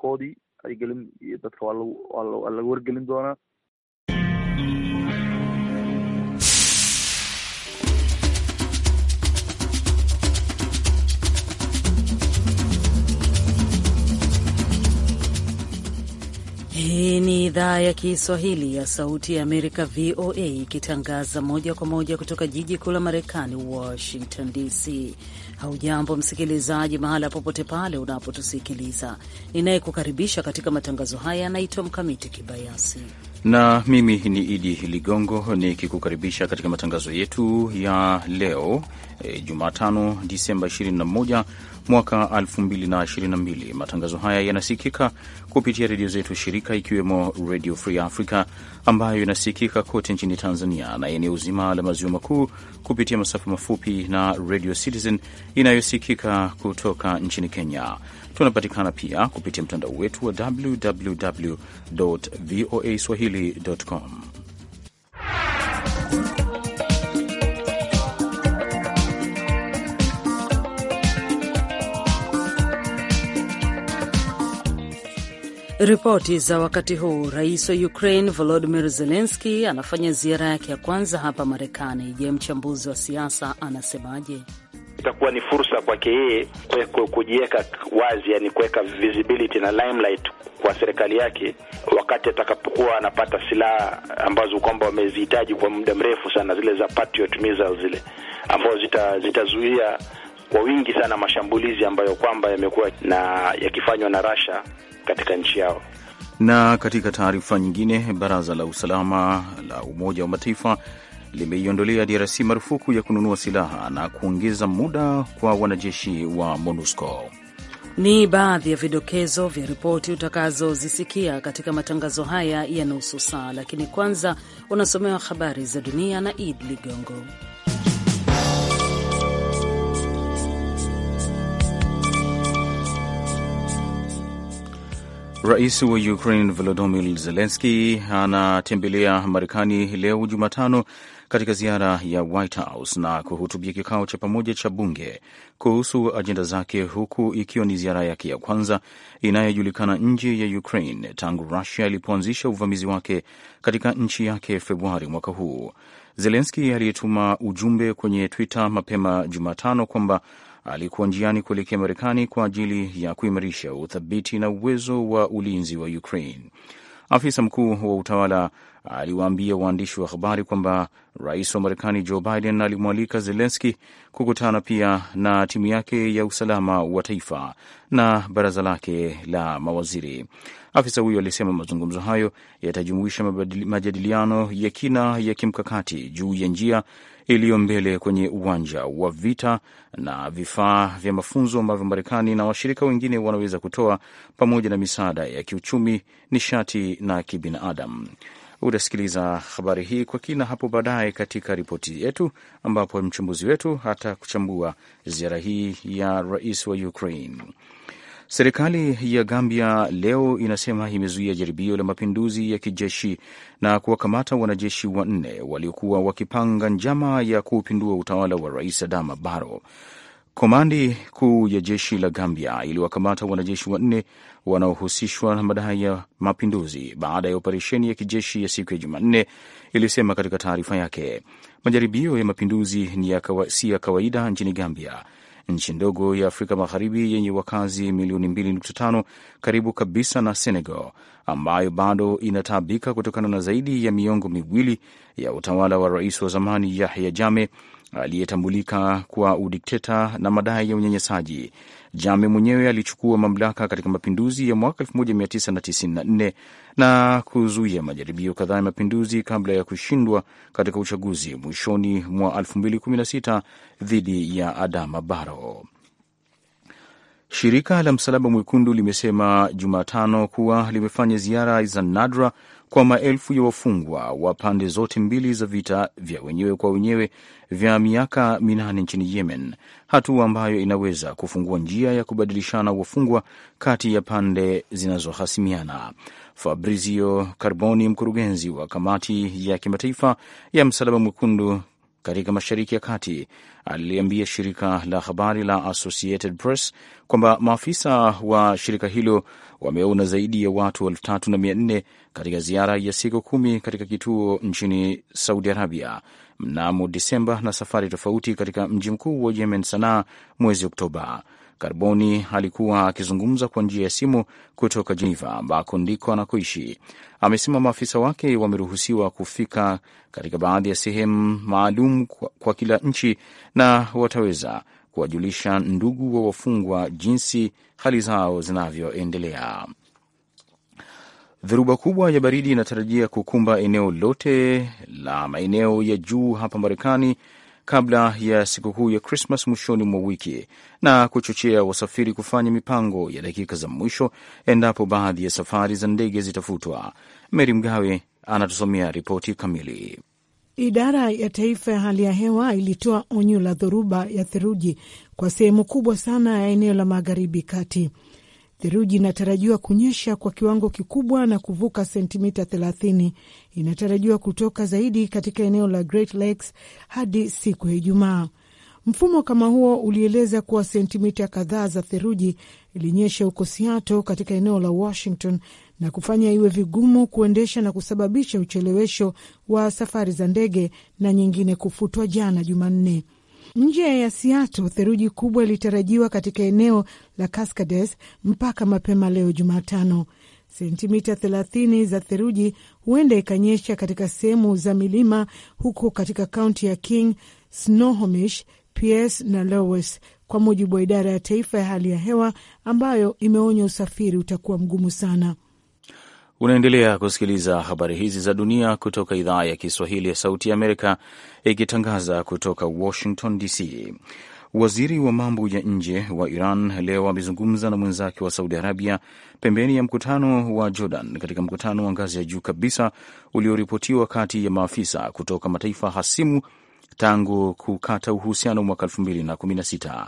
xaqoodii ay gelin iyo dadka waa lagu waa lagu wargelin doonaa Hii ni idhaa ya Kiswahili ya Sauti ya Amerika, VOA, ikitangaza moja kwa moja kutoka jiji kuu la Marekani, Washington DC. Haujambo msikilizaji, mahala popote pale unapotusikiliza. Ninayekukaribisha katika matangazo haya anaitwa Mkamiti Kibayasi na mimi ni Idi Ligongo nikikukaribisha katika matangazo yetu ya leo e, Jumatano Disemba 21 mwaka 2022. Matangazo haya yanasikika kupitia redio zetu shirika, ikiwemo Radio Free Africa ambayo inasikika kote nchini Tanzania na eneo zima la maziwa makuu kupitia masafa mafupi na Radio Citizen inayosikika kutoka nchini Kenya. Tunapatikana pia kupitia mtandao wetu wa www voa swahili.com. Ripoti za wakati huu. Rais wa Ukraine volodimir zelenski anafanya ziara yake ya kwanza hapa Marekani. Je, mchambuzi wa siasa anasemaje? Itakuwa ni fursa kwake yeye kujiweka wazi, yani kuweka visibility na limelight kwa serikali yake, wakati atakapokuwa anapata silaha ambazo kwamba wamezihitaji kwa muda mrefu sana, zile za Patriot missiles zile ambazo zitazuia zita kwa wingi sana mashambulizi ambayo kwamba yamekuwa na yakifanywa na Russia katika nchi yao. Na katika taarifa nyingine, baraza la usalama la Umoja wa Mataifa limeiondolea DRC marufuku ya kununua silaha na kuongeza muda kwa wanajeshi wa MONUSCO. Ni baadhi ya vidokezo vya ripoti utakazozisikia katika matangazo haya ya nusu saa, lakini kwanza unasomewa habari za dunia na Id Ligongo. Rais wa Ukraine Volodymyr Zelensky anatembelea Marekani leo Jumatano katika ziara ya White House na kuhutubia kikao cha pamoja cha bunge kuhusu ajenda zake, huku ikiwa ni ziara yake ya kwanza inayojulikana nje ya Ukraine tangu Rusia ilipoanzisha uvamizi wake katika nchi yake Februari mwaka huu. Zelenski aliyetuma ujumbe kwenye Twitter mapema Jumatano kwamba alikuwa njiani kuelekea Marekani kwa ajili ya kuimarisha uthabiti na uwezo wa ulinzi wa Ukraine. Afisa mkuu wa utawala aliwaambia waandishi wa habari kwamba rais wa Marekani Joe Biden alimwalika Zelenski kukutana pia na timu yake ya usalama wa taifa na baraza lake la mawaziri. Afisa huyo alisema mazungumzo hayo yatajumuisha majadiliano ya kina ya kimkakati juu ya njia iliyo mbele kwenye uwanja wa vita na vifaa vya mafunzo ambavyo Marekani na washirika wengine wanaweza kutoa pamoja na misaada ya kiuchumi, nishati na kibinadamu. Utasikiliza habari hii kwa kina hapo baadaye katika ripoti yetu, ambapo mchambuzi wetu hata kuchambua ziara hii ya rais wa Ukraine. Serikali ya Gambia leo inasema imezuia jaribio la mapinduzi ya kijeshi na kuwakamata wanajeshi wanne waliokuwa wakipanga njama ya kuupindua utawala wa Rais Adama Barrow. Komandi kuu ya jeshi la Gambia iliwakamata wanajeshi wanne wanaohusishwa na madai ya mapinduzi baada ya operesheni ya kijeshi ya siku ya Jumanne, ilisema katika taarifa yake. Majaribio ya mapinduzi ni ya kawa, si ya kawaida nchini Gambia nchi ndogo ya Afrika Magharibi yenye wakazi milioni 2.5 karibu kabisa na Senegal, ambayo bado inataabika kutokana na zaidi ya miongo miwili ya utawala wa rais wa zamani Yahya Jammeh aliyetambulika kwa udikteta na madai ya unyanyasaji. Jame mwenyewe alichukua mamlaka katika mapinduzi ya mwaka 1994 na kuzuia majaribio kadhaa ya mapinduzi kabla ya kushindwa katika uchaguzi mwishoni mwa 2016 dhidi ya Adama Barrow. Shirika la Msalaba Mwekundu limesema Jumatano kuwa limefanya ziara za nadra kwa maelfu ya wafungwa wa pande zote mbili za vita vya wenyewe kwa wenyewe vya miaka minane nchini Yemen, hatua ambayo inaweza kufungua njia ya kubadilishana wafungwa kati ya pande zinazohasimiana. Fabrizio Carboni, mkurugenzi wa kamati ya kimataifa ya Msalaba Mwekundu katika Mashariki ya Kati aliliambia shirika la habari la Associated Press kwamba maafisa wa shirika hilo wameona zaidi ya watu elfu tatu na mia nne katika ziara ya siku kumi katika kituo nchini Saudi Arabia mnamo Disemba na safari tofauti katika mji mkuu wa Yemen, Sanaa, mwezi Oktoba. Karboni alikuwa akizungumza kwa njia ya simu kutoka Jeneva ambako ndiko anakoishi. Amesema maafisa wake wameruhusiwa kufika katika baadhi ya sehemu maalum kwa, kwa kila nchi na wataweza kuwajulisha ndugu wa wafungwa jinsi hali zao zinavyoendelea. Dhoruba kubwa ya baridi inatarajia kukumba eneo lote la maeneo ya juu hapa Marekani kabla ya sikukuu ya Krismas mwishoni mwa wiki na kuchochea wasafiri kufanya mipango ya dakika za mwisho endapo baadhi ya safari za ndege zitafutwa. Meri Mgawe anatusomea ripoti kamili. Idara ya Taifa ya Hali ya Hewa ilitoa onyo la dhoruba ya theluji kwa sehemu kubwa sana ya eneo la magharibi kati Theruji inatarajiwa kunyesha kwa kiwango kikubwa na kuvuka sentimita 30. Inatarajiwa kutoka zaidi katika eneo la Great Lakes hadi siku ya Ijumaa. Mfumo kama huo ulieleza kuwa sentimita kadhaa za theruji ilinyesha huko Seattle katika eneo la Washington na kufanya iwe vigumu kuendesha na kusababisha uchelewesho wa safari za ndege na nyingine kufutwa jana Jumanne. Nje ya Seattle, theluji kubwa ilitarajiwa katika eneo la Cascades mpaka mapema leo Jumatano. Sentimita 30 za theluji huenda ikanyesha katika sehemu za milima huko katika kaunti ya King, Snohomish, Pierce na Lowes, kwa mujibu wa idara ya taifa ya hali ya hewa ambayo imeonya usafiri utakuwa mgumu sana. Unaendelea kusikiliza habari hizi za dunia kutoka idhaa ya Kiswahili ya Sauti ya Amerika, ikitangaza kutoka Washington DC. Waziri wa mambo ya nje wa Iran leo amezungumza na mwenzake wa Saudi Arabia pembeni ya mkutano wa Jordan, katika mkutano wa ngazi ya juu kabisa ulioripotiwa kati ya maafisa kutoka mataifa hasimu tangu kukata uhusiano mwaka 216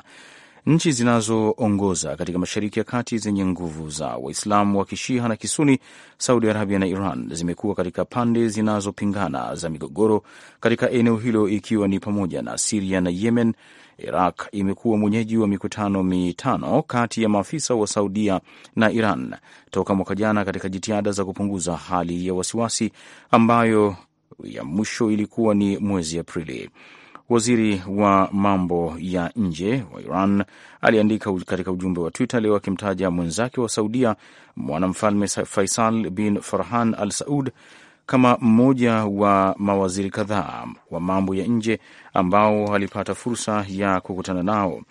Nchi zinazoongoza katika Mashariki ya Kati zenye nguvu za Waislamu wa Kishia na Kisuni, Saudi Arabia na Iran, zimekuwa katika pande zinazopingana za migogoro katika eneo hilo, ikiwa ni pamoja na Siria na Yemen. Iraq imekuwa mwenyeji wa mikutano mitano kati ya maafisa wa Saudia na Iran toka mwaka jana katika jitihada za kupunguza hali ya wasiwasi, ambayo ya mwisho ilikuwa ni mwezi Aprili. Waziri wa mambo ya nje wa Iran aliandika katika ujumbe wa Twitter leo akimtaja mwenzake wa Saudia mwanamfalme Faisal bin Farhan al Saud kama mmoja wa mawaziri kadhaa wa mambo ya nje ambao alipata fursa ya kukutana nao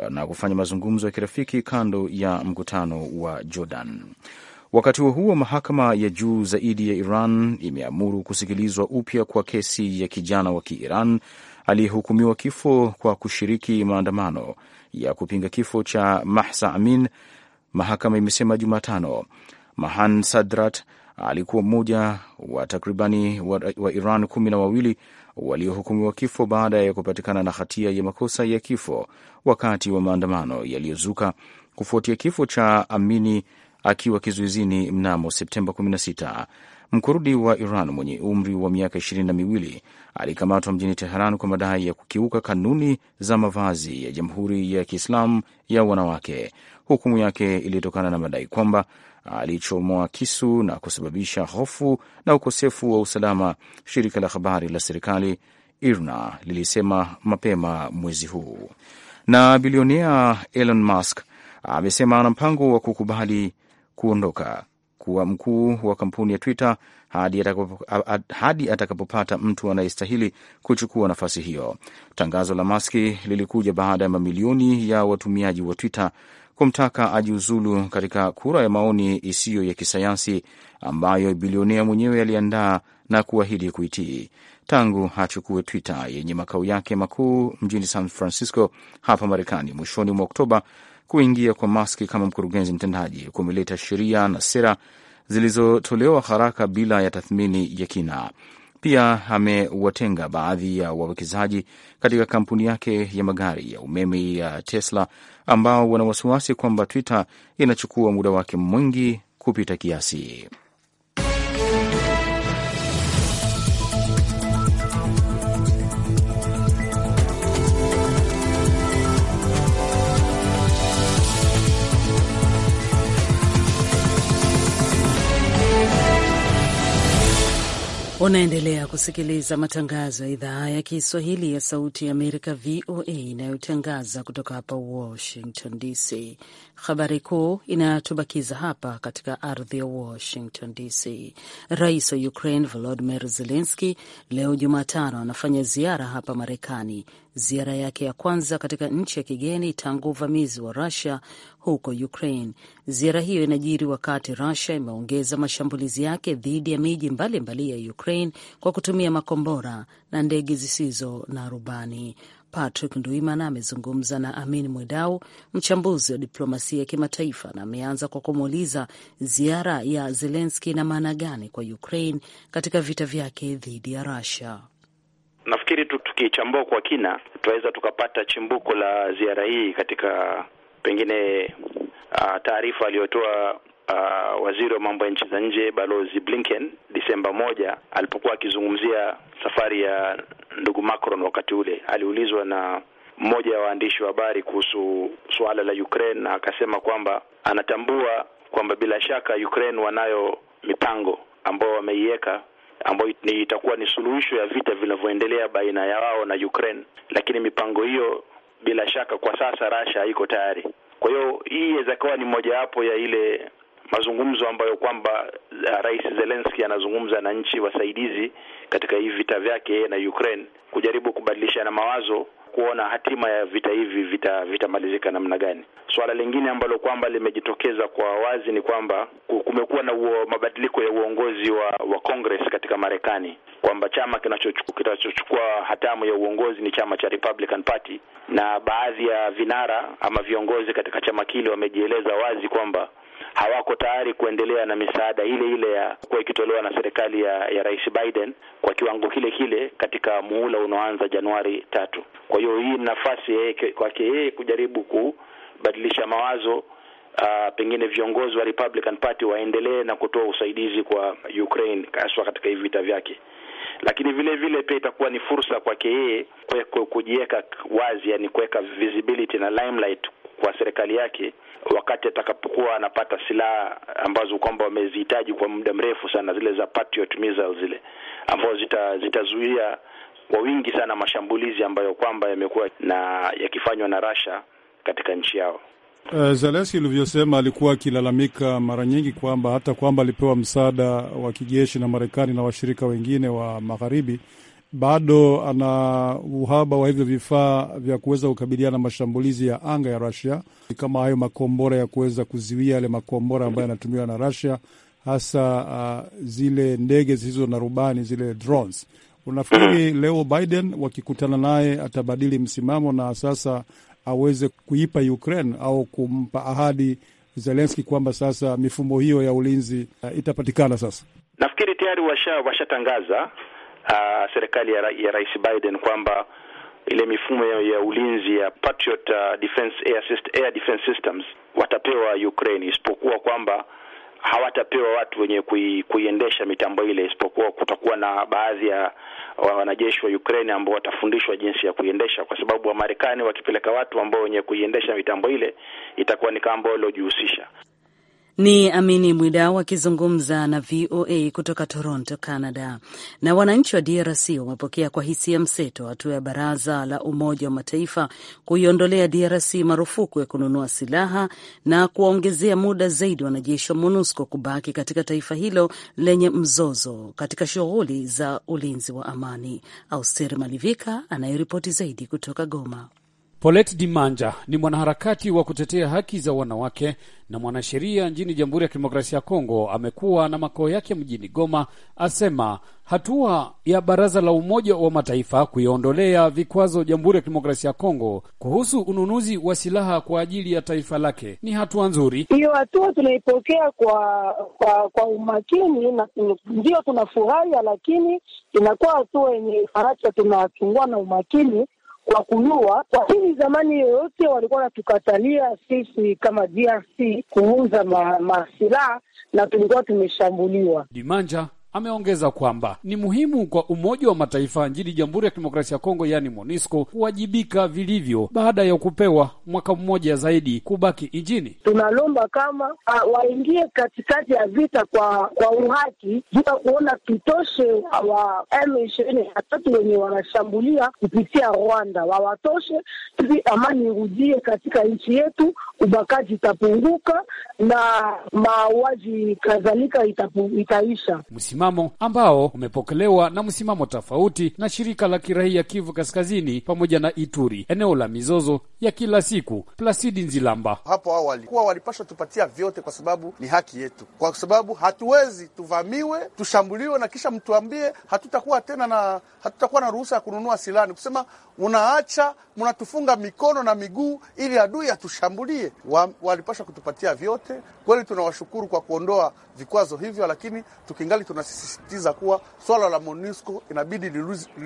eh, na kufanya mazungumzo ya kirafiki kando ya mkutano wa Jordan. Wakati huo huo, mahakama ya juu zaidi ya Iran imeamuru kusikilizwa upya kwa kesi ya kijana wa Kiiran aliyehukumiwa kifo kwa kushiriki maandamano ya kupinga kifo cha Mahsa Amin, mahakama imesema Jumatano. Mahan Sadrat alikuwa mmoja wa takribani wa, wa Iran kumi na wawili waliohukumiwa kifo baada ya kupatikana na hatia ya makosa ya kifo wakati wa maandamano yaliyozuka kufuatia kifo cha Amini akiwa kizuizini mnamo Septemba 16. mkurudi wa Iran mwenye umri wa miaka ishirini na miwili alikamatwa mjini Teheran kwa madai ya kukiuka kanuni za mavazi ya Jamhuri ya Kiislamu ya wanawake. Hukumu yake ilitokana na madai kwamba alichomoa kisu na kusababisha hofu na ukosefu wa usalama, shirika la habari la serikali IRNA lilisema mapema mwezi huu. Na bilionea Elon Musk amesema ana mpango wa kukubali kuondoka kuwa mkuu wa kampuni ya Twitter hadi atakapopata, hadi atakapopata mtu anayestahili kuchukua nafasi hiyo. Tangazo la Maski lilikuja baada ya mamilioni ya watumiaji wa Twitter kumtaka ajiuzulu katika kura ya maoni isiyo ya kisayansi ambayo bilionea mwenyewe aliandaa na kuahidi kuitii tangu achukue Twitter yenye makao yake makuu mjini San Francisco hapa Marekani mwishoni mwa Oktoba. Kuingia kwa Maski kama mkurugenzi mtendaji kumeleta sheria na sera zilizotolewa haraka bila ya tathmini ya kina. Pia amewatenga baadhi ya wawekezaji katika kampuni yake ya magari ya umeme ya Tesla ambao wana wasiwasi kwamba Twitter inachukua muda wake mwingi kupita kiasi. Unaendelea kusikiliza matangazo ya idhaa ya Kiswahili ya Sauti ya Amerika, VOA, inayotangaza kutoka hapa Washington DC. Habari kuu inayotubakiza hapa katika ardhi ya Washington DC, rais wa Ukraine Volodimir Zelenski leo Jumatano anafanya ziara hapa Marekani, ziara yake ya kwanza katika nchi ya kigeni tangu uvamizi wa Rusia huko Ukraine. Ziara hiyo inajiri wakati Russia imeongeza mashambulizi yake dhidi ya miji mbalimbali ya Ukraine kwa kutumia makombora na ndege zisizo na rubani. Patrick Nduimana amezungumza na Amin Mwidau, mchambuzi wa diplomasia ya kimataifa, na ameanza kwa kumuuliza ziara ya Zelenski ina maana gani kwa Ukraine katika vita vyake dhidi ya Russia. Nafikiri tukichambua kwa kina, tunaweza tukapata chimbuko la ziara hii katika pengine uh, taarifa aliyotoa uh, waziri wa mambo ya nchi za nje Balozi Blinken Disemba moja alipokuwa akizungumzia safari ya ndugu Macron. Wakati ule aliulizwa na mmoja wa waandishi wa habari kuhusu suala la Ukraine, na akasema kwamba anatambua kwamba bila shaka Ukraine wanayo mipango ambayo wameiweka ambayo ni itakuwa ni suluhisho ya vita vinavyoendelea baina ya wao na Ukraine, lakini mipango hiyo bila shaka kwa sasa Rasha haiko tayari. Kwa hiyo hii inaweza kuwa ni mojawapo ya ile mazungumzo ambayo kwamba uh, Rais Zelensky anazungumza na nchi wasaidizi katika hii vita vyake yeye na Ukraine, kujaribu kubadilishana mawazo kuona hatima ya vita hivi vitamalizika namna gani. Swala lingine ambalo kwamba limejitokeza kwa wazi ni kwamba kumekuwa na uo, mabadiliko ya uongozi wa wa Congress katika Marekani, kwamba chama kinachochukua hatamu ya uongozi ni chama cha Republican Party, na baadhi ya vinara ama viongozi katika chama kile wamejieleza wazi kwamba hawako tayari kuendelea na misaada ile ile ya kuwa ikitolewa na serikali ya, ya Rais Biden kwa kiwango kile kile katika muhula unaoanza Januari tatu. Kwa hiyo hii nafasi yeye kwake yeye kujaribu kubadilisha mawazo. Uh, pengine viongozi wa Republican Party waendelee na kutoa usaidizi kwa Ukraine haswa katika hivi vita vyake, lakini vile vile pia itakuwa ni fursa kwake yeye kujiweka wazi, yani kuweka visibility na limelight kwa serikali yake wakati atakapokuwa anapata silaha ambazo kwamba wamezihitaji kwa muda mrefu sana, zile za Patriot missiles zile ambazo zita, zitazuia kwa wingi sana mashambulizi ambayo kwamba yamekuwa na yakifanywa na Russia katika nchi yao. Uh, Zelensky ulivyosema, alikuwa akilalamika mara nyingi kwamba hata kwamba alipewa msaada wa kijeshi na Marekani na washirika wengine wa Magharibi, bado ana uhaba wa hivyo vifaa vya kuweza kukabiliana na mashambulizi ya anga ya rasia kama hayo makombora ya kuweza kuziwia yale makombora ambayo yanatumiwa na rasia hasa uh, zile ndege zisizo na rubani zile drones. Unafikiri leo Biden wakikutana naye atabadili msimamo na sasa aweze kuipa Ukraine au kumpa ahadi Zelenski kwamba sasa mifumo hiyo ya ulinzi uh, itapatikana sasa? Nafikiri tayari washatangaza washa uh, serikali ya, ya Rais Biden kwamba ile mifumo ya, ya ulinzi ya Patriot uh, Defense Air, Assist, Air Defense Systems watapewa Ukraine, isipokuwa kwamba hawatapewa watu wenye kui, kuiendesha mitambo ile, isipokuwa kutakuwa na baadhi ya wanajeshi wa Ukraine ambao watafundishwa jinsi ya kuiendesha, kwa sababu Wamarekani wakipeleka watu ambao wenye kuiendesha mitambo ile itakuwa ni kama ambao waliojihusisha ni Amini Mwidau akizungumza na VOA kutoka Toronto, Canada. Na wananchi wa DRC wamepokea kwa hisia mseto hatua ya baraza la Umoja wa Mataifa kuiondolea DRC marufuku ya kununua silaha na kuwaongezea muda zaidi wanajeshi wa MONUSCO kubaki katika taifa hilo lenye mzozo katika shughuli za ulinzi wa amani. Austeri Malivika anayeripoti zaidi kutoka Goma. Polet Dimanja ni mwanaharakati wa kutetea haki za wanawake na mwanasheria nchini Jamhuri ya Kidemokrasia ya Kongo. Amekuwa na makao yake mjini Goma, asema hatua ya Baraza la Umoja wa Mataifa kuiondolea vikwazo Jamhuri ya Kidemokrasia ya Kongo kuhusu ununuzi wa silaha kwa ajili ya taifa lake ni hatua nzuri. Hiyo hatua tunaipokea kwa kwa, kwa umakini na ndio tunafurahia, lakini inakuwa hatua yenye haraka, tunachungua na umakini kwa kunua, hili zamani yoyote walikuwa wanatukatalia sisi kama DRC kuuza masilaha ma na tulikuwa tumeshambuliwa Dimanja Ameongeza kwamba ni muhimu kwa Umoja wa Mataifa nchini Jamhuri ya Kidemokrasia ya Kongo, yaani MONUSCO, kuwajibika vilivyo baada ya kupewa mwaka mmoja zaidi kubaki nchini. Tunalomba kama ah, waingie katikati ya vita kwa kwa uhaki, juu ya kuona kitoshe wa M23 wenye wanashambulia kupitia Rwanda, wawatoshe ili amani irudie katika nchi yetu, ubakaji itapunguka na mauaji kadhalika itaisha msimamo ambao umepokelewa na msimamo tofauti na shirika la kiraia Kivu Kaskazini pamoja na Ituri, eneo la mizozo ya kila siku. Plasidi Nzilamba: hapo awali kuwa walipaswa tupatia vyote, kwa sababu ni haki yetu, kwa sababu hatuwezi tuvamiwe, tushambuliwe na kisha mtuambie hatutakuwa tena na hatutakuwa na ruhusa ya kununua silaha. Ni kusema unaacha mnatufunga mikono na miguu ili adui atushambulie. Wa, walipaswa kutupatia vyote. Kweli tunawashukuru kwa kuondoa vikwazo hivyo, lakini tukingali tunasi sisitiza kuwa swala la MONUSCO inabidi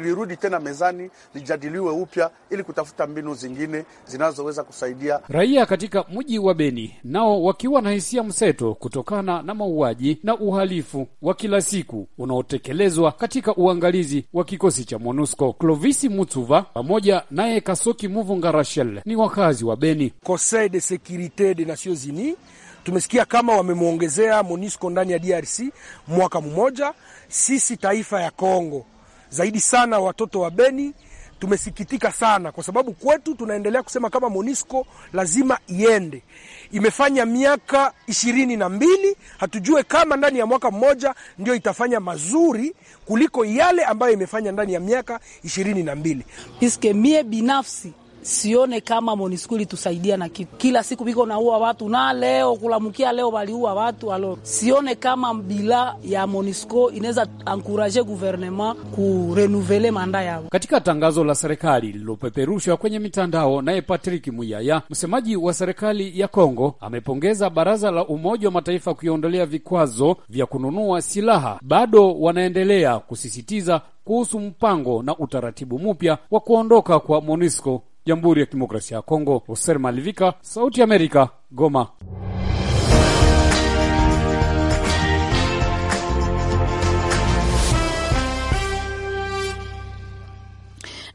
lirudi tena mezani lijadiliwe upya ili kutafuta mbinu zingine zinazoweza kusaidia raia katika mji wa Beni, nao wakiwa na hisia mseto kutokana na mauaji na uhalifu wa kila siku unaotekelezwa katika uangalizi wa kikosi cha MONUSCO. Clovisi Mutsuva pamoja naye Kasoki Muvunga Rachel ni wakazi wa Beni. Conseil de Securite des Nations Unies Tumesikia kama wamemwongezea MONUSCO ndani ya DRC mwaka mmoja. Sisi taifa ya Kongo, zaidi sana watoto wa Beni tumesikitika sana kwa sababu kwetu tunaendelea kusema kama MONUSCO lazima iende. Imefanya miaka ishirini na mbili, hatujue kama ndani ya mwaka mmoja ndio itafanya mazuri kuliko yale ambayo imefanya ndani ya miaka ishirini na mbili. Piske mie binafsi sione kama MONUSCO ilitusaidia na kitu. Kila siku biko naua watu na leo kulamukia leo waliua watu alo, sione kama bila ya MONUSCO inaweza ankuraje guvernema kurenuvele manda yao. Katika tangazo la serikali lililopeperushwa kwenye mitandao, naye Patrick Muyaya, msemaji wa serikali ya Kongo, amepongeza baraza la Umoja wa Mataifa kuiondolea vikwazo vya kununua silaha. Bado wanaendelea kusisitiza kuhusu mpango na utaratibu mpya wa kuondoka kwa MONUSCO Jamhuri ya Kidemokrasia ya Kongo. Hoser Malivika, Sauti ya Amerika, Goma.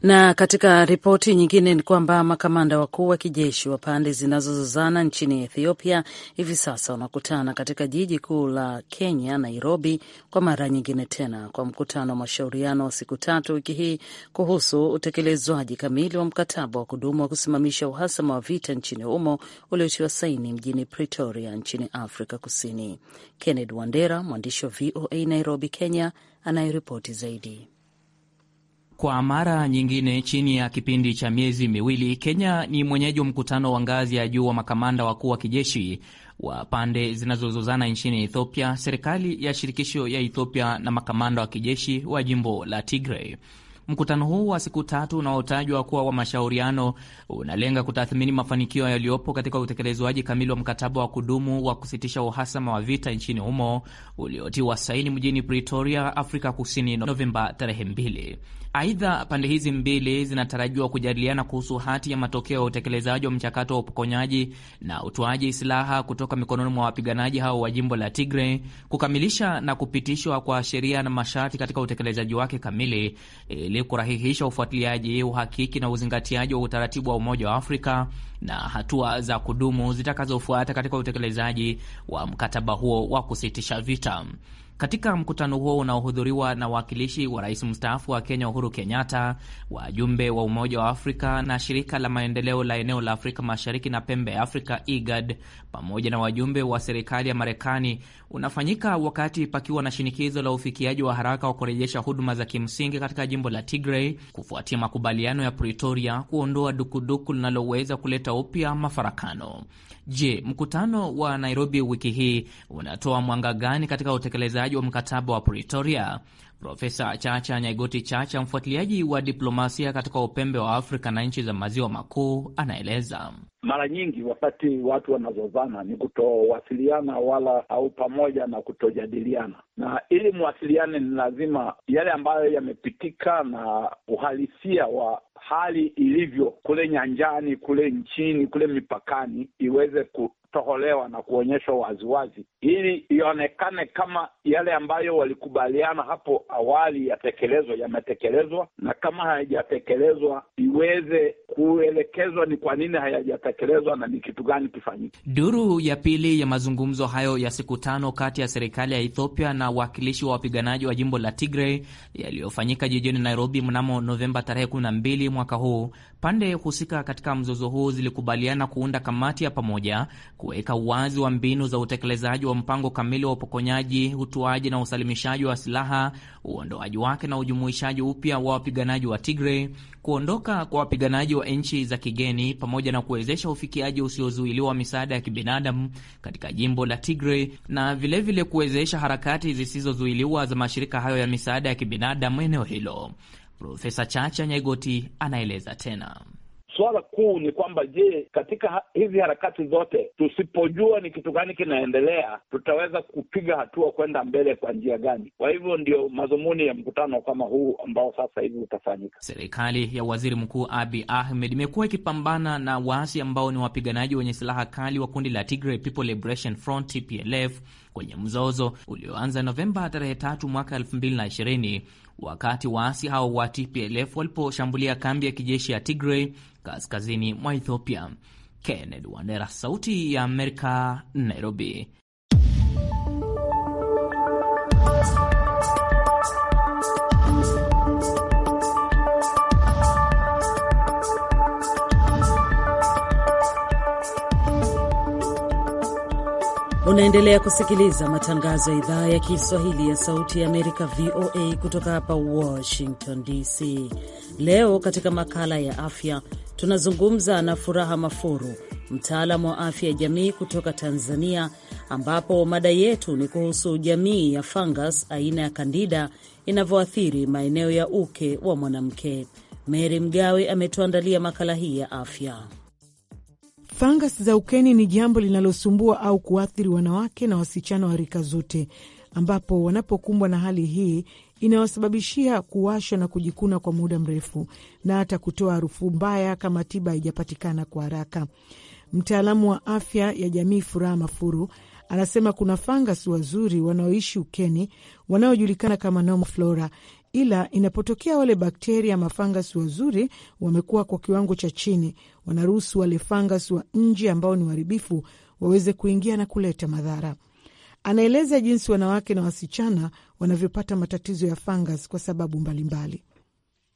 Na katika ripoti nyingine ni kwamba makamanda wakuu wa kijeshi wa pande zinazozozana nchini Ethiopia hivi sasa wanakutana katika jiji kuu la Kenya, Nairobi, kwa mara nyingine tena kwa mkutano wa mashauriano wa siku tatu wiki hii kuhusu utekelezwaji kamili wa mkataba wa kudumu wa kusimamisha uhasama wa vita nchini humo uliotiwa saini mjini Pretoria nchini Afrika Kusini. kenned Wandera, mwandishi wa VOA Nairobi, Kenya, anayeripoti zaidi. Kwa mara nyingine chini ya kipindi cha miezi miwili, Kenya ni mwenyeji wa mkutano wa ngazi ya juu wa makamanda wakuu wa kijeshi wa pande zinazozozana nchini Ethiopia, serikali ya shirikisho ya Ethiopia na makamanda wa kijeshi wa jimbo la Tigray. Mkutano huu wa siku tatu unaotajwa kuwa wa mashauriano unalenga kutathmini mafanikio yaliyopo katika utekelezwaji kamili wa mkataba wa kudumu wa kusitisha uhasama wa vita nchini humo uliotiwa saini mjini Pretoria, Afrika Kusini, Novemba tarehe mbili. Aidha, pande hizi mbili zinatarajiwa kujadiliana kuhusu hati ya matokeo ya utekelezaji wa mchakato wa upokonyaji na utoaji silaha kutoka mikononi mwa wapiganaji hao wa jimbo la tigre kukamilisha na kupitishwa kwa sheria na masharti katika utekelezaji wake kamili, ili kurahihisha ufuatiliaji, uhakiki na uzingatiaji wa utaratibu wa Umoja wa Afrika na hatua za kudumu zitakazofuata katika utekelezaji wa mkataba huo wa kusitisha vita. Katika mkutano huo unaohudhuriwa na wawakilishi wa rais mstaafu wa Kenya Uhuru Kenyatta, wajumbe wa Umoja wa Afrika na shirika la maendeleo la eneo la Afrika Mashariki na pembe ya Afrika IGAD, e pamoja na wajumbe wa serikali ya Marekani, unafanyika wakati pakiwa na shinikizo la ufikiaji wa haraka wa kurejesha huduma za kimsingi katika jimbo la Tigray kufuatia makubaliano ya Pretoria kuondoa dukuduku linaloweza kuleta upya mafarakano. Je, mkutano wa Nairobi wiki hii unatoa mwanga gani katika utekelezaji utekelezaji wa mkataba wa Pretoria. Profesa Chacha Nyaigoti Chacha, mfuatiliaji wa diplomasia katika upembe wa Afrika na nchi za maziwa makuu, anaeleza. Mara nyingi wakati watu wanazozana ni kutowasiliana wala au pamoja na kutojadiliana, na ili mwasiliane ni lazima yale ambayo yamepitika na uhalisia wa hali ilivyo kule nyanjani, kule nchini, kule mipakani iweze kutoholewa na kuonyeshwa waziwazi, ili ionekane kama yale ambayo walikubaliana hapo awali yatekelezwa, yametekelezwa, na kama hayajatekelezwa iweze kuelekezwa ni kwa nini hayajatekelezwa na ni kitu gani kifanyike. Duru ya pili ya mazungumzo hayo ya siku tano kati ya serikali ya Ethiopia na wawakilishi wa wapiganaji wa jimbo la Tigray yaliyofanyika jijini Nairobi mnamo Novemba tarehe kumi na mbili mwaka huu, pande husika katika mzozo huu zilikubaliana kuunda kamati ya pamoja kuweka uwazi wa mbinu za utekelezaji wa mpango kamili wa upokonyaji, utoaji na usalimishaji wa silaha, uondoaji wake na ujumuishaji upya wa wapiganaji wa Tigray, kuondoka kwa wapiganaji wa nchi za kigeni, pamoja na kuwezesha ufikiaji usiozuiliwa wa misaada ya kibinadamu katika jimbo la Tigray na vilevile kuwezesha harakati zisizozuiliwa za mashirika hayo ya misaada ya kibinadamu eneo hilo. Profesa Chacha Nyegoti anaeleza tena. Suala kuu ni kwamba je, katika ha hizi harakati zote tusipojua ni kitu gani kinaendelea, tutaweza kupiga hatua kwenda mbele kwa njia gani? Kwa hivyo ndio madhumuni ya mkutano kama huu ambao sasa hivi utafanyika. Serikali ya Waziri Mkuu Abi Ahmed imekuwa ikipambana na waasi ambao ni wapiganaji wenye silaha kali wa kundi la Tigray People Liberation Front TPLF kwenye mzozo ulioanza Novemba tarehe 3 mwaka 2020 wakati waasi hao wa TPLF waliposhambulia kambi ya kijeshi ya Tigray kaskazini mwa Ethiopia. Kennedy Wandera, Sauti ya Amerika, Nairobi. Unaendelea kusikiliza matangazo ya idhaa ya Kiswahili ya Sauti ya Amerika, VOA, kutoka hapa Washington DC. Leo katika makala ya afya tunazungumza na Furaha Mafuru, mtaalamu wa afya ya jamii kutoka Tanzania, ambapo mada yetu ni kuhusu jamii ya fungus aina ya Kandida inavyoathiri maeneo ya uke wa mwanamke. Mary Mgawe ametuandalia makala hii ya afya. Fangas za ukeni ni jambo linalosumbua au kuathiri wanawake na wasichana wa rika zote, ambapo wanapokumbwa na hali hii inawasababishia kuwashwa na kujikuna kwa muda mrefu na hata kutoa harufu mbaya kama tiba haijapatikana kwa haraka. Mtaalamu wa afya ya jamii Furaha Mafuru anasema kuna fangasi wazuri wanaoishi ukeni wanaojulikana kama normal flora, ila inapotokea wale bakteria mafangas wazuri wamekuwa kwa kiwango cha chini, wanaruhusu wale fangas wa nje ambao ni waharibifu waweze kuingia na kuleta madhara. Anaeleza jinsi wanawake na wasichana wanavyopata matatizo ya fangas kwa sababu mbalimbali.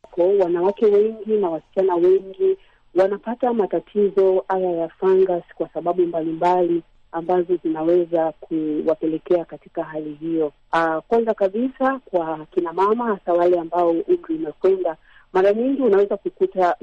Kwa wanawake wengi na wasichana wengi wanapata matatizo haya ya fangas kwa sababu mbalimbali mbali ambazo zinaweza kuwapelekea katika hali hiyo. Uh, kwanza kabisa kwa kina mama, hasa wale ambao umri umekwenda, mara nyingi unaweza kukuta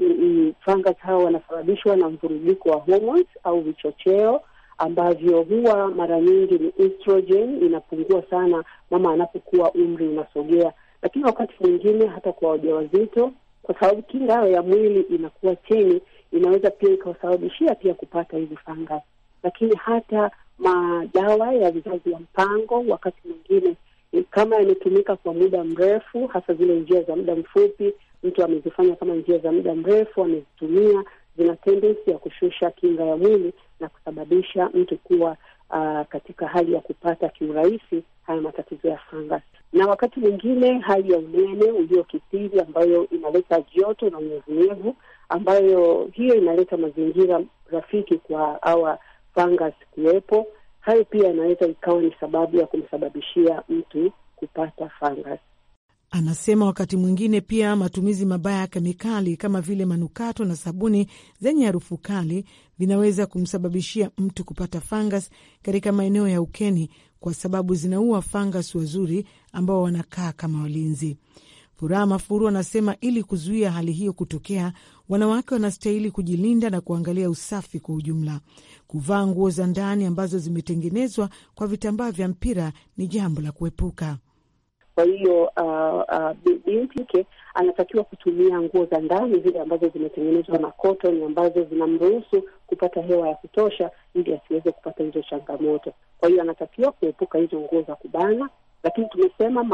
fanga hao wanasababishwa na mvurugiko wa hormones au vichocheo ambavyo huwa mara nyingi ni estrogen inapungua sana mama anapokuwa umri unasogea, lakini wakati mwingine hata kwa wajawazito, kwa sababu kinga yao ya mwili inakuwa chini, inaweza pia ikawasababishia pia kupata hizi fungus lakini hata madawa ya vizazi ya mpango wakati mwingine eh, kama yametumika kwa muda mrefu, hasa zile njia za muda mfupi, mtu amezifanya kama njia za muda mrefu, amezitumia, zina tendensi ya kushusha kinga ya mwili na kusababisha mtu kuwa uh, katika hali ya kupata kiurahisi haya matatizo ya fungus, na wakati mwingine hali ya unene uliokithiri ambayo inaleta joto na unyevunyevu, ambayo hiyo inaleta mazingira rafiki kwa hawa fungus kuwepo. Hayo pia yanaweza ikawa ni sababu ya kumsababishia mtu kupata fungus. Anasema wakati mwingine pia matumizi mabaya ya kemikali kama vile manukato na sabuni zenye harufu kali vinaweza kumsababishia mtu kupata fangas katika maeneo ya ukeni, kwa sababu zinaua fangas wazuri ambao wanakaa kama walinzi. Furaha Mafuru anasema ili kuzuia hali hiyo kutokea, Wanawake wanastahili kujilinda na kuangalia usafi kwa ujumla. Kuvaa nguo za ndani ambazo zimetengenezwa kwa vitambaa vya mpira ni jambo la kuepuka. Kwa hiyo binti uh, uh, anatakiwa kutumia nguo za ndani zile ambazo zimetengenezwa na kotoni ambazo zinamruhusu kupata hewa ya kutosha, ili asiweze kupata hizo changamoto. Kwa hiyo anatakiwa kuepuka hizo nguo za kubana, lakini tumesema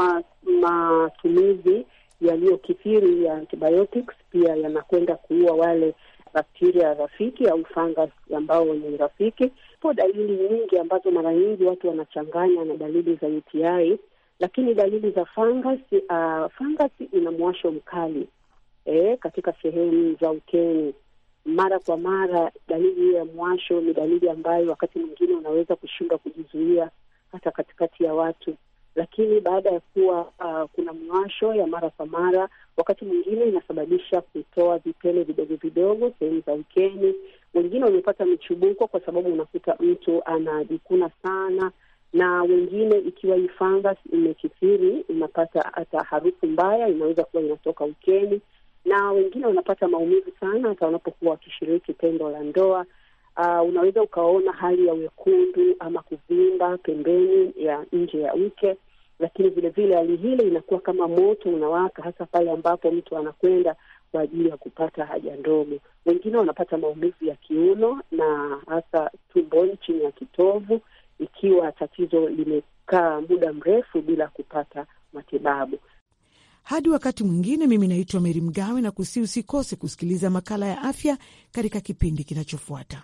matumizi yaliyokithiri ya antibiotics pia yanakwenda kuua wale bakteria rafiki au fungus ambao ni rafiki. Po dalili nyingi ambazo mara nyingi watu wanachanganya na dalili za UTI, lakini dalili za fungus uh, fungus ina mwasho mkali e, katika sehemu za ukeni. Mara kwa mara dalili hiyo ya mwasho ni dalili ambayo wakati mwingine unaweza kushindwa kujizuia hata katikati ya watu lakini baada ya kuwa uh, kuna mwasho ya mara kwa mara, wakati mwingine inasababisha kutoa vipele vidogo vidogo sehemu za ukeni. Wengine wamepata michubuko kwa sababu unakuta mtu anajikuna sana, na wengine ikiwa hii fungus imekithiri inapata hata harufu mbaya, inaweza kuwa inatoka ukeni, na wengine wanapata maumivu sana hata wanapokuwa wakishiriki tendo la ndoa uh, unaweza ukaona hali ya wekundu ama kuvimba pembeni ya nje ya uke, lakini vilevile hali hile inakuwa kama moto unawaka, hasa pale ambapo mtu anakwenda kwa ajili ya kupata haja ndogo. Wengine wanapata maumivu ya kiuno na hasa tumboni, chini ya kitovu, ikiwa tatizo limekaa muda mrefu bila kupata matibabu. Hadi wakati mwingine, mimi naitwa Meri Mgawe na kusi, usikose kusikiliza makala ya afya katika kipindi kinachofuata.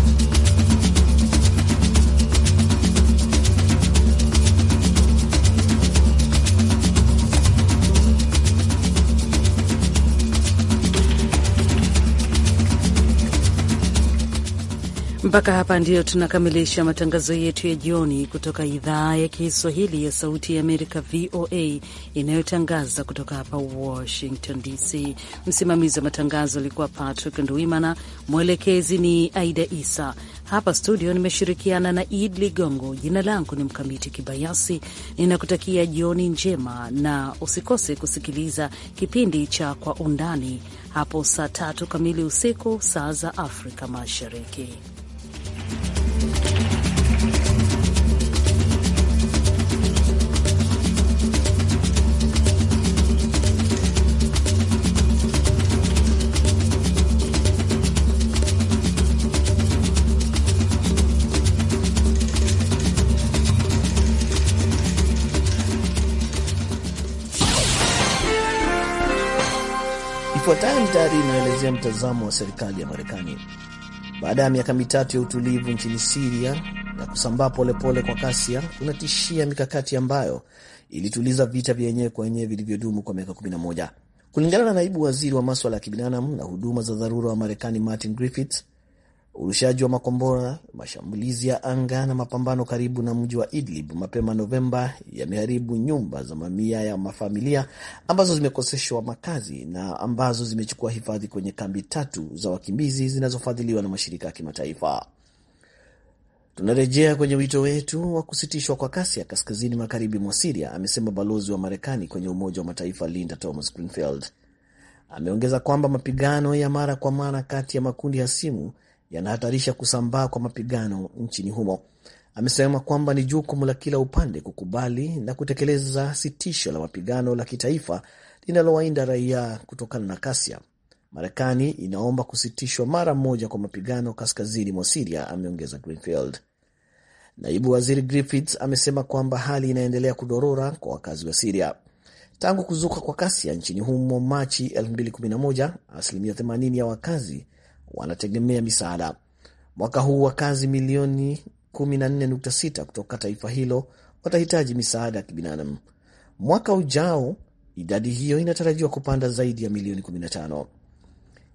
Mpaka hapa ndiyo tunakamilisha matangazo yetu ya jioni kutoka idhaa ya Kiswahili ya Sauti ya Amerika, VOA, inayotangaza kutoka hapa Washington DC. Msimamizi wa matangazo alikuwa Patrick Ndwimana, mwelekezi ni Aida Isa. Hapa studio nimeshirikiana na Id Ligongo. Jina langu ni Mkamiti Kibayasi, ninakutakia jioni njema na usikose kusikiliza kipindi cha Kwa Undani hapo saa tatu kamili usiku saa za Afrika Mashariki. kuelezea mtazamo wa serikali ya Marekani. Baada ya miaka mitatu ya utulivu nchini Siria na kusambaa polepole kwa kasia, kunatishia mikakati ambayo ilituliza vita vya wenyewe kwa wenyewe vilivyodumu kwa miaka 11. Kulingana na naibu waziri wa maswala ya kibinadamu na huduma za dharura wa Marekani Martin Griffiths, urushaji wa makombora, mashambulizi ya anga na mapambano karibu na mji wa Idlib mapema Novemba yameharibu nyumba za mamia ya mafamilia ambazo zimekoseshwa makazi na ambazo zimechukua hifadhi kwenye kambi tatu za wakimbizi zinazofadhiliwa na mashirika ya kimataifa. Tunarejea kwenye wito wetu wa kusitishwa kwa kasi ya kaskazini magharibi mwa Siria, amesema balozi wa Marekani kwenye Umoja wa Mataifa Linda Thomas Greenfield. Ameongeza kwamba mapigano ya mara kwa mara kati ya makundi ya simu yanahatarisha kusambaa kwa mapigano nchini humo. Amesema kwamba ni jukumu la kila upande kukubali na kutekeleza sitisho la mapigano la kitaifa linalowainda raia kutokana na kasia. Marekani inaomba kusitishwa mara moja kwa mapigano kaskazini mwa Siria, ameongeza Greenfield. Naibu waziri Griffiths amesema kwamba hali inaendelea kudorora kwa wakazi wa Siria tangu kuzuka kwa kasia nchini humo Machi 2011. Asilimia 80 ya wakazi wanategemea misaada. Mwaka huu wakazi milioni 14.6 kutoka taifa hilo watahitaji misaada ya kibinadamu. Mwaka ujao idadi hiyo inatarajiwa kupanda zaidi ya milioni 15.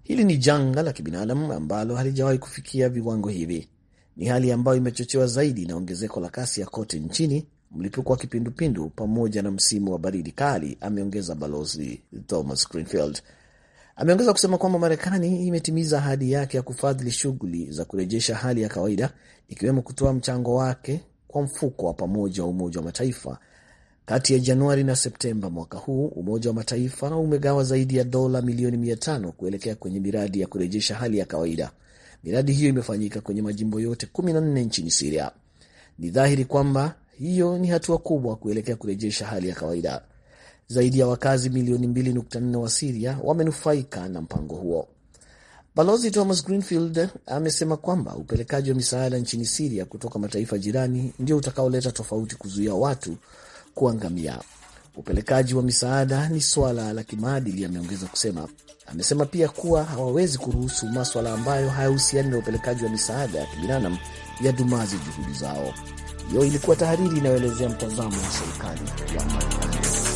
Hili ni janga la kibinadamu ambalo halijawahi kufikia viwango hivi. Ni hali ambayo imechochewa zaidi na ongezeko la kasi ya kote nchini, mlipuko wa kipindupindu pamoja na msimu wa baridi kali, ameongeza Balozi Thomas Greenfield. Ameongeza kusema kwamba Marekani imetimiza ahadi yake ya kufadhili shughuli za kurejesha hali ya kawaida, ikiwemo kutoa mchango wake kwa mfuko wa pamoja wa Umoja wa Mataifa. Kati ya Januari na Septemba mwaka huu, Umoja wa Mataifa umegawa zaidi ya dola milioni mia tano kuelekea kwenye miradi ya kurejesha hali ya kawaida. Miradi hiyo imefanyika kwenye majimbo yote kumi na nne nchini Siria. Ni dhahiri kwamba hiyo ni hatua kubwa kuelekea kurejesha hali ya kawaida. Zaidi ya wakazi milioni 2.4 wa Siria wamenufaika na mpango huo. Balozi Thomas Greenfield amesema kwamba upelekaji wa misaada nchini Siria kutoka mataifa jirani ndio utakaoleta tofauti, kuzuia watu kuangamia. Upelekaji wa misaada ni swala la kimaadili, ameongeza kusema. Amesema pia kuwa hawawezi kuruhusu maswala ambayo hayahusiani na upelekaji wa misaada ya kibinadamu ya dumazi juhudi zao. Hiyo ilikuwa tahariri inayoelezea mtazamo wa serikali ya Marekani.